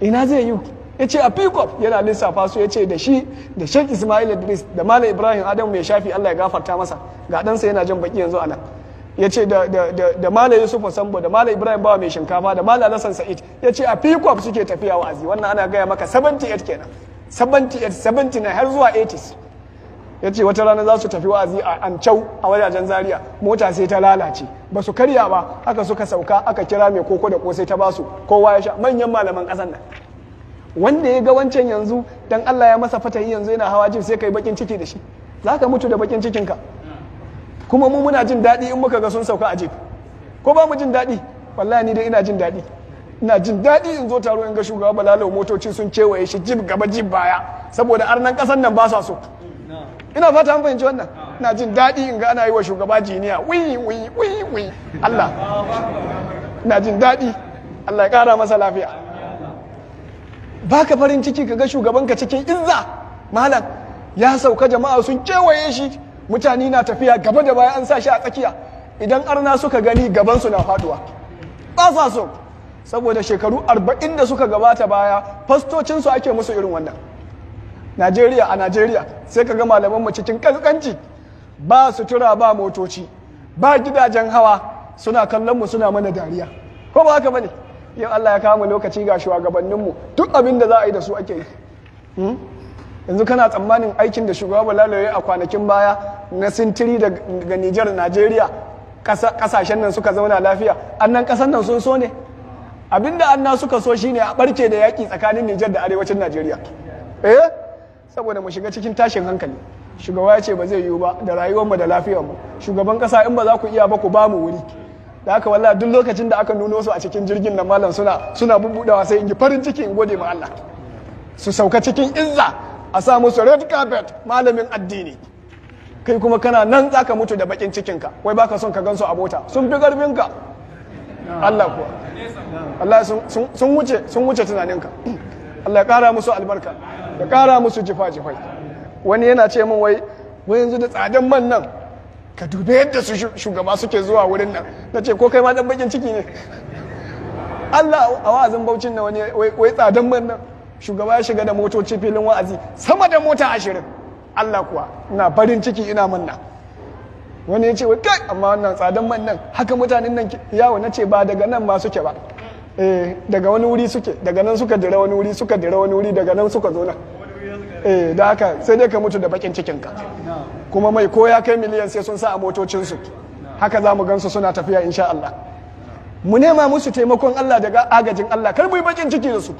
ina zai yi ya ce a pikop yana lissafa su ya ce da shi da shek ismail idris da malam ibrahim adamu mai shafi allah ya gafarta masa ga ɗansa yana jan baki yanzu anan ya ce da malam yusuf sambo da malam ibrahim bawa mai shinkafa da malam alasan sa'id ya ce a pikop suke tafiya wa'azi wannan ana gaya maka 78 kenan 78 79 har zuwa 80 ya ce wata rana za su tafi wa'azi a ancau a wajajen zaria mota sai ta lalace ba su karya ba haka suka sauka aka kira mai koko da kosai ta basu kowa ya sha manyan malaman kasan nan wanda ya ga wancan yanzu dan Allah ya masa fatahi yanzu yana hawa jin sai kai bakin ciki da shi za ka mutu da bakin cikinka kuma mu muna jin daɗi in muka ga sun sauka a jif ko ba mu jin daɗi wallahi ni dai ina jin daɗi ina jin daɗi in zo taro in ga shugaba balalau motoci sun kewaye shi jib gaba jib baya saboda arnan kasan nan ba sa so ina fata an fahimci wannan na jin daɗi in ga ana yi wa shugaba jiniya wiyi wiyi wiyi Allah na jin daɗi Allah ya ƙara masa lafiya baka farin ciki ka ga shugaban ka cikin izza malam ya sauka jama'a sun kewaye shi mutane na tafiya gaba da baya an sa shi a tsakiya idan arna suka gani gaban su na faduwa ba sa so saboda shekaru arba'in da suka gabata baya fastocin su ake musu irin wannan najeriya a najeriya sai ka ga malaman mu cikin kaskanci ba sutura ba motoci ba gidajen hawa suna kallon mu suna mana dariya ko ba haka bane yau Allah ya kama lokaci ga shugabannin mu duk abin da za a yi da su ake yi hmm? yanzu kana tsammanin aikin da shugaba Balalo ya a kwanakin baya na sintiri daga Nijar Najeriya kasashen nan suka zauna lafiya annan kasan nan sun so ne abinda anna suka so shine a barke da yaki tsakanin Nijar da arewacin Najeriya eh saboda mu shiga cikin tashin hankali shugaba ya ce ba zai yiwu ba da rayuwarmu da lafiyarmu shugaban kasa in ba za ku iya ba ku ba mu wuri da haka wallahi duk lokacin da aka nuno su a cikin jirgin nan malam suna suna bubbudawa sai in yi farin ciki in gode ma Allah su sauka cikin izza a sa musu red carpet malamin addini kai kuma kana nan zaka mutu da bakin cikinka wai baka son ka gansu a mota sun fi karfinka Allah kuwa Allah sun wuce sun wuce tunaninka Allah ya kara musu albarka ka ƙara musu jifa-jifai wani yana ce min wai wai yanzu da tsadan man nan ka dube yadda su shugaba suke zuwa wurin nan na ce ko kai ma dan ciki ne Allah a wa'azin baucin na wani wai tsadan man nan shugaba ya shiga da motoci filin wa'azi sama da mota ashirin Allah kuwa na barin ciki ina manna wani ya ce wai kai amma wannan tsadan man nan haka mutanen nan yawo na ce ba daga nan ma suke ba eh daga wani wuri suke daga nan suka dira wani wuri suka dira wani wuri daga nan suka zo nan eh da haka sai dai ka mutu da bakin cikin ka kuma mai ko ya kai miliyan sai sun sa a motocin su haka za mu gansu suna tafiya insha Allah mu nema musu taimakon Allah daga agajin Allah kar mu yi bakin ciki da su